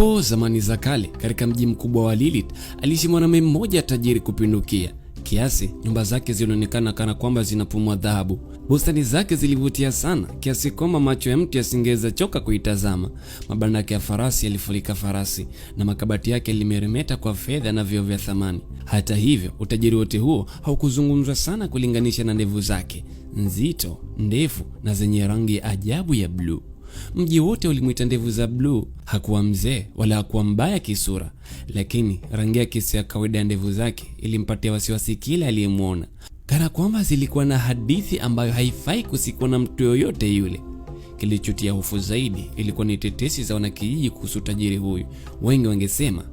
Hapo zamani za kale, katika mji mkubwa wa Lilith, aliishi mwanamume mmoja tajiri kupindukia kiasi nyumba zake zilionekana kana kwamba zinapumua dhahabu. Bustani zake zilivutia sana kiasi kwamba macho ya mtu yasingeweza choka kuitazama. Mabanda yake ya farasi yalifurika farasi na makabati yake limeremeta kwa fedha na vioo vya thamani. Hata hivyo, utajiri wote huo haukuzungumzwa sana kulinganisha na ndevu zake nzito, ndefu na zenye rangi ya ajabu ya bluu. Mji wote ulimwita ndevu za bluu. Hakuwa mzee wala hakuwa mbaya kisura, lakini rangi ya si ya kawaida ya ndevu zake ilimpatia wasiwasi kila aliyemwona, kana kwamba zilikuwa na hadithi ambayo haifai kusikwa na mtu yoyote yule. Kilichotia hofu zaidi ilikuwa ni tetesi za wanakijiji kuhusu tajiri huyu. Wengi wangesema,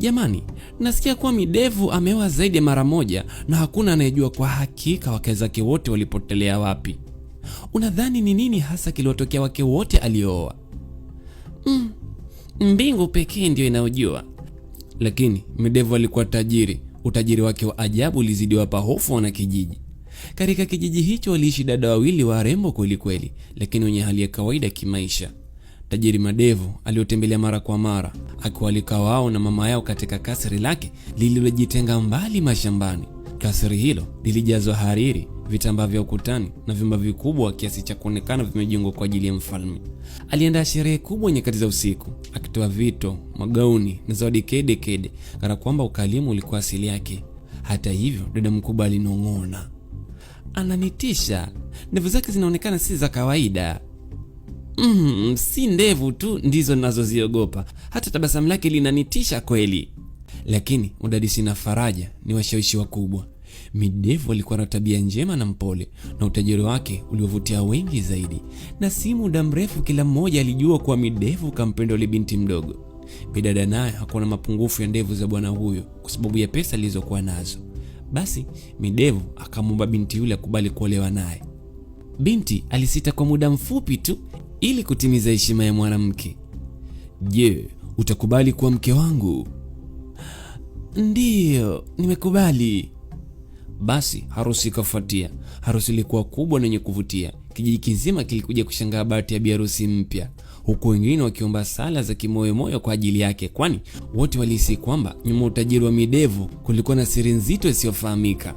jamani, nasikia kuwa midevu ameoa zaidi ya mara moja, na hakuna anayejua kwa hakika wake zake wote walipotelea wapi. Unadhani ni nini hasa kiliwatokea wake wote aliooa? Mm, mbingu pekee ndiyo inayojua. Lakini Medevo alikuwa tajiri. Utajiri wake wa ajabu ulizidi wapa hofu wana kijiji. Katika kijiji hicho waliishi dada wawili warembo kwelikweli, lakini wenye hali ya kawaida kimaisha. Tajiri Madevu aliotembelea mara kwa mara akiwalika wao na mama yao katika kasri lake lililojitenga mbali mashambani. Kasri hilo lilijazwa hariri, vitambaa vya ukutani na vyumba vikubwa kiasi cha kuonekana vimejengwa kwa ajili ya mfalme. Aliandaa sherehe kubwa nyakati za usiku, akitoa vito, magauni na zawadi kede kede, kana kwamba ukalimu ulikuwa asili yake. Hata hivyo, dada mkubwa alinong'ona, ananitisha, ndevu zake zinaonekana si za kawaida. Mm, si ndevu tu ndizo ninazoziogopa, hata tabasamu lake linanitisha kweli. Lakini udadisi na faraja ni washawishi wakubwa midevu alikuwa na tabia njema na mpole na utajiri wake uliovutia wengi zaidi, na si muda mrefu kila mmoja alijua kuwa midevu kampenda yule binti mdogo. Bidada naye hakuwa na mapungufu ya ndevu za bwana huyo kwa sababu ya pesa alizokuwa nazo. Basi midevu akamwomba binti yule akubali kuolewa naye. Binti alisita kwa muda mfupi tu ili kutimiza heshima ya mwanamke. Je, utakubali kuwa mke wangu? Ndiyo, nimekubali, basi harusi ikafuatia. Harusi ilikuwa kubwa na yenye kuvutia. Kijiji kizima kilikuja kushangaa bahati ya biharusi mpya, huku wengine wakiomba sala za kimoyomoyo kwa ajili yake, kwani wote walihisi kwamba nyuma utajiri wa midevu kulikuwa na siri nzito isiyofahamika.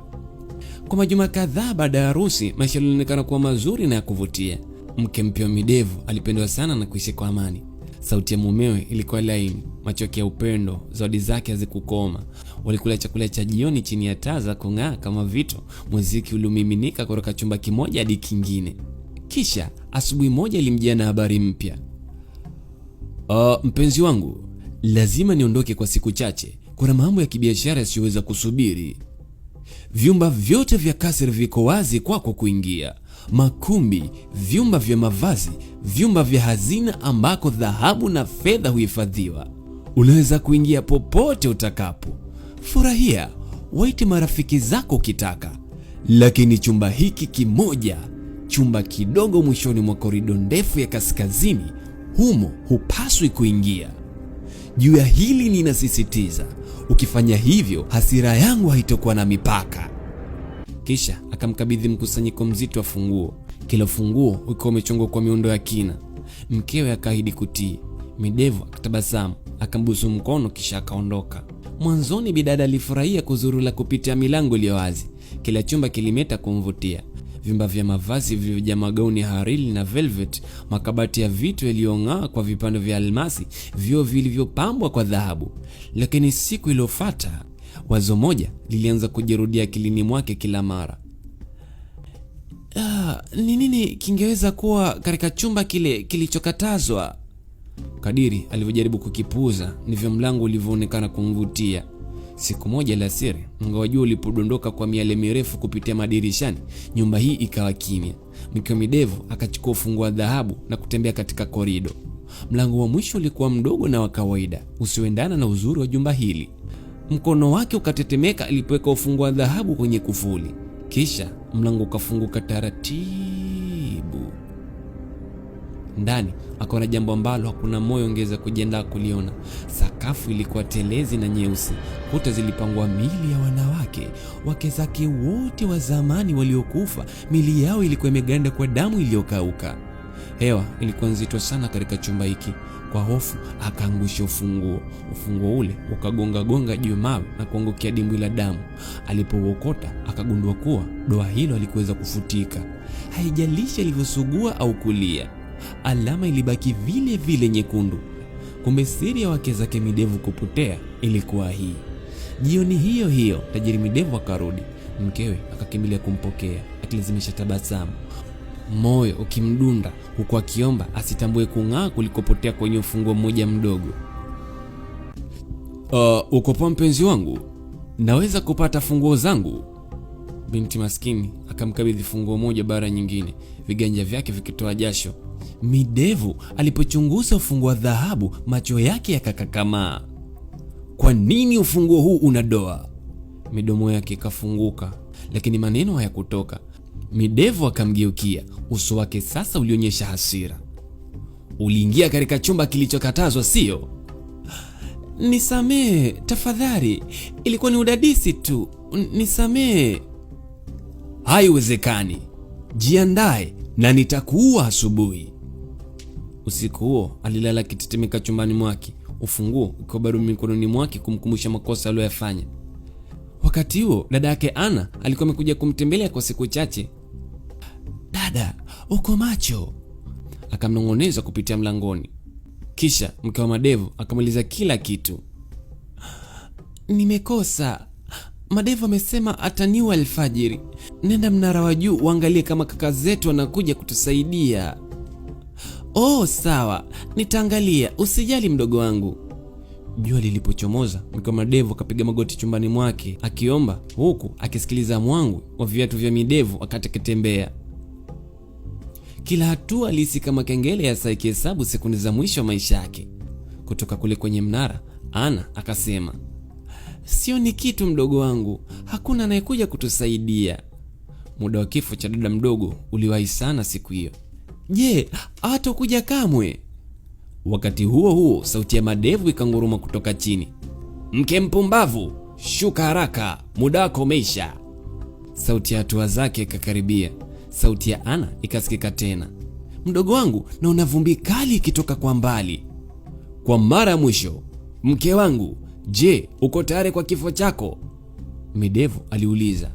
Kwa majuma kadhaa baada ya harusi, maisha yalionekana kuwa mazuri na ya kuvutia. Mke mpya wa midevu alipendwa sana na kuishi kwa amani. Sauti ya mumewe ilikuwa laini, machoke ya upendo, zawadi zake hazikukoma. Walikula chakula cha jioni chini ya taa za kung'aa kama vito. Muziki uliomiminika kutoka chumba kimoja hadi kingine. Kisha asubuhi moja ilimjia na habari mpya. Uh, mpenzi wangu, lazima niondoke kwa siku chache. Kuna mambo ya kibiashara yasiyoweza kusubiri. Vyumba vyote vya kasri viko wazi kwako kuingia makumbi, vyumba vya mavazi, vyumba vya hazina ambako dhahabu na fedha huhifadhiwa. Unaweza kuingia popote utakapo. Furahia, waite marafiki zako ukitaka, lakini chumba hiki kimoja, chumba kidogo mwishoni mwa korido ndefu ya kaskazini, humo hupaswi kuingia. Juu ya hili ninasisitiza, ukifanya hivyo hasira yangu haitokuwa na mipaka. Kisha akamkabidhi mkusanyiko mzito wa funguo, kila funguo ukiwa umechongwa kwa miundo ya kina. Mkewe akaahidi kutii. Midevu akatabasamu, akambusu mkono, kisha akaondoka. Mwanzoni bidada alifurahia kuzurula kupitia milango iliyo wazi. Kila chumba kilimeta kumvutia: vyumba vya mavazi vilivyojaa magauni ya hariri na velvet, makabati ya vitu yaliyong'aa kwa vipande vya almasi, vioo vilivyopambwa kwa dhahabu. Lakini siku iliyofuata Wazo moja lilianza kujirudia akilini mwake kila mara. Ah, ni nini kingeweza kuwa katika chumba kile kilichokatazwa? Kadiri alivyojaribu kukipuuza, ndivyo mlango ulivyoonekana kumvutia. Siku moja alasiri, mwanga wa jua ulipodondoka kwa miale mirefu kupitia madirishani, nyumba hii ikawa kimya. Mkiwa midevu akachukua ufunguo wa dhahabu na kutembea katika korido. Mlango wa mwisho ulikuwa mdogo na wa kawaida usioendana na uzuri wa jumba hili. Mkono wake ukatetemeka alipoweka ufungu wa dhahabu kwenye kufuli, kisha mlango ukafunguka taratibu. Ndani akaona jambo ambalo hakuna moyo ongeza kujiandaa kuliona. Sakafu ilikuwa telezi na nyeusi, kuta zilipangwa mili ya wanawake, wake zake wote wa zamani waliokufa, mili yao ilikuwa imeganda kwa damu iliyokauka. Hewa ilikuwa nzito sana katika chumba hiki. Kwa hofu akaangusha ufunguo. Ufunguo ule ukagongagonga juu mawe na kuangukia dimbwi la damu. Alipouokota akagundua kuwa doa hilo alikuweza kufutika. Haijalishi alivyosugua au kulia, alama ilibaki vile vile nyekundu. Kumbe siri ya wake zake Midevu kupotea ilikuwa hii. Jioni hiyo hiyo tajiri Midevu akarudi, mkewe akakimbilia kumpokea akilazimisha tabasamu moyo ukimdunda huku akiomba asitambue kung'aa kulikopotea kwenye ufunguo mmoja mdogo. Uh, ah, ukopoa mpenzi wangu, naweza kupata funguo zangu? Binti maskini akamkabidhi funguo moja bara nyingine, viganja vyake vikitoa jasho. Midevu alipochunguza ufunguo wa dhahabu, macho yake yakakakamaa. Kwa nini ufunguo huu una doa? Midomo yake ikafunguka, lakini maneno hayakutoka. Midevu akamgeukia, uso wake sasa ulionyesha hasira. Uliingia katika chumba kilichokatazwa, sio? Nisamehe tafadhali, ilikuwa ni udadisi tu, hai Haiwezekani, jiandae na nitakuua asubuhi. Usiku huo alilala akitetemeka chumbani mwake, ufunguo ukiwa bado mikononi mwake kumkumbusha makosa aliyoyafanya. Wakati huo dada yake Ana alikuwa amekuja kumtembelea kwa siku chache. Dada, uko macho? akamnong'oneza kupitia mlangoni. Kisha mke wa Madevu akamuuliza kila kitu. Nimekosa, Madevu amesema ataniwa alfajiri. Nenda mnara wa juu uangalie kama kaka zetu wanakuja kutusaidia. Oh, sawa, nitaangalia, usijali mdogo wangu jua lilipochomoza, mke wa Madevu akapiga magoti chumbani mwake akiomba, huku akisikiliza mwangu wa viatu vya midevu wakati akitembea. Kila hatua alihisi kama kengele ya saa ikihesabu sekundi za mwisho wa maisha yake. Kutoka kule kwenye mnara, Ana akasema, sio ni kitu mdogo wangu, hakuna anayekuja kutusaidia. Muda wa kifo cha dada mdogo uliwahi sana siku hiyo. Je, hatakuja kamwe? Wakati huo huo, sauti ya madevu ikanguruma kutoka chini, mke mpumbavu, shuka haraka, muda wako umeisha. Sauti ya hatua zake ikakaribia. Sauti ya Ana ikasikika tena, mdogo wangu, naona vumbi kali ikitoka kwa mbali. Kwa mara ya mwisho, mke wangu, je, uko tayari kwa kifo chako? Midevu aliuliza.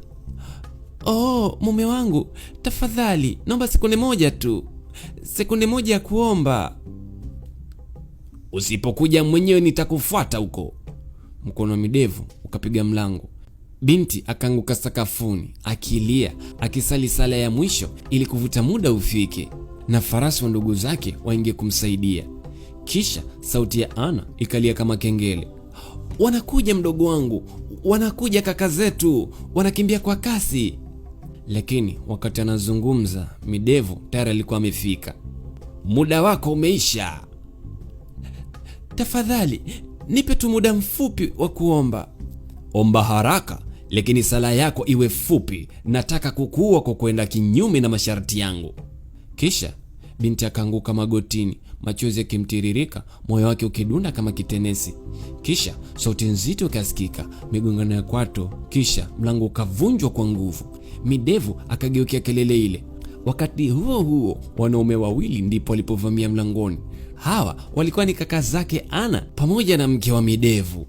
Oh, mume wangu, tafadhali naomba sekunde moja tu, sekunde moja ya kuomba usipokuja mwenyewe nitakufuata huko. Mkono midevu ukapiga mlango. Binti akaanguka sakafuni akilia, akisali sala ya mwisho ili kuvuta muda ufike na farasi wa ndugu zake waingie kumsaidia. Kisha sauti ya Ana ikalia kama kengele, wanakuja mdogo wangu, wanakuja kaka zetu, wanakimbia kwa kasi. Lakini wakati anazungumza, midevu tayari alikuwa amefika. Muda wako umeisha, tafadhali nipe tu muda mfupi wa kuomba. Omba haraka, lakini sala yako iwe fupi. Nataka kukuwa kwa kwenda kinyume na masharti yangu. Kisha binti akaanguka magotini, machozi yakimtiririka, moyo wake ukidunda kama kitenesi. Kisha sauti nzito ikasikika, migongano ya kwato, kisha mlango ukavunjwa kwa nguvu. Midevu akageukia kelele ile. Wakati huo huo, wanaume wawili ndipo walipovamia mlangoni. Hawa walikuwa ni kaka zake Ana pamoja na mke wa Midevu.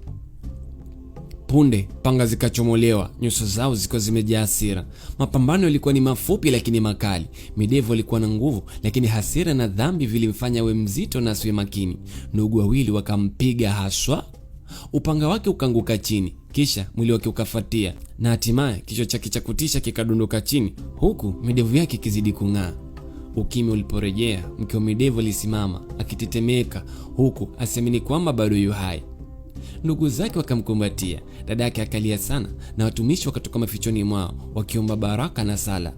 Punde panga zikachomolewa, nyuso zao zikiwa zimejaa hasira. Mapambano yalikuwa ni mafupi lakini makali. Midevu alikuwa na nguvu, lakini hasira na dhambi vilimfanya we mzito na asiwe makini. Ndugu wawili wakampiga haswa, upanga wake ukaanguka chini, kisha mwili wake ukafatia, na hatimaye kichwa chake cha kutisha kikadondoka chini, huku midevu yake ikizidi kung'aa. Ukimya uliporejea, mke wa Midevu alisimama akitetemeka, huku asiamini kwamba bado yu hai. Ndugu zake wakamkumbatia, dada yake akalia sana, na watumishi wakatoka mafichoni mwao wakiomba baraka na sala.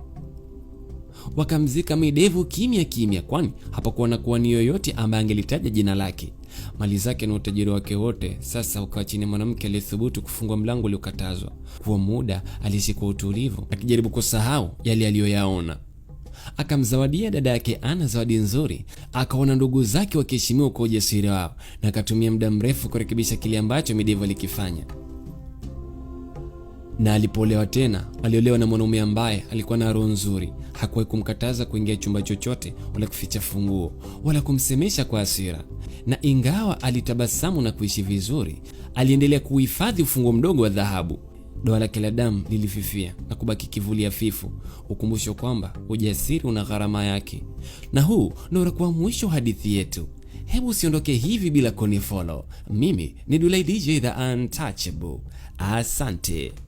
Wakamzika Midevu kimya kimya, kwani hapakuwa na kuani yoyote ambaye angelitaja jina lake. Mali zake na utajiri wake wote sasa ukawa chini mwanamke aliyethubutu kufungwa mlango uliokatazwa. kuwa muda aliishi kwa utulivu, akijaribu kusahau yale aliyoyaona akamzawadia dada yake Ana zawadi nzuri. Akaona ndugu zake wakiheshimiwa kwa ujasiri wao, na akatumia muda mrefu kurekebisha kile ambacho midevu alikifanya. Na alipoolewa tena, aliolewa na mwanaume ambaye alikuwa na roho nzuri. Hakuwahi kumkataza kuingia chumba chochote wala kuficha funguo wala kumsemesha kwa hasira, na ingawa alitabasamu na kuishi vizuri, aliendelea kuhifadhi ufunguo mdogo wa dhahabu doa lake la damu lilififia na kubaki kivuli hafifu, ukumbusho kwamba ujasiri una gharama yake. Na huu ndio unakuwa mwisho hadithi yetu. Hebu usiondoke hivi bila kunifollow. Mimi ni Dullay DJ the Untouchable. Asante.